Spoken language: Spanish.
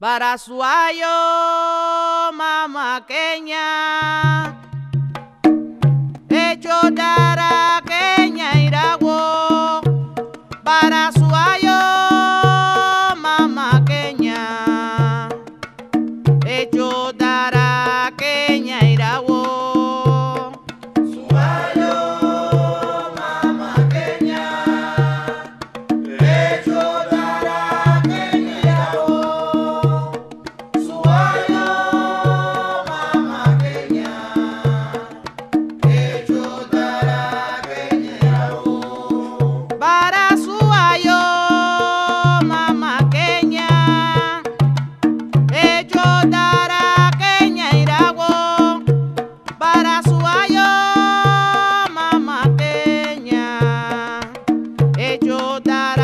Para Barazuayo, mamaqueña. yo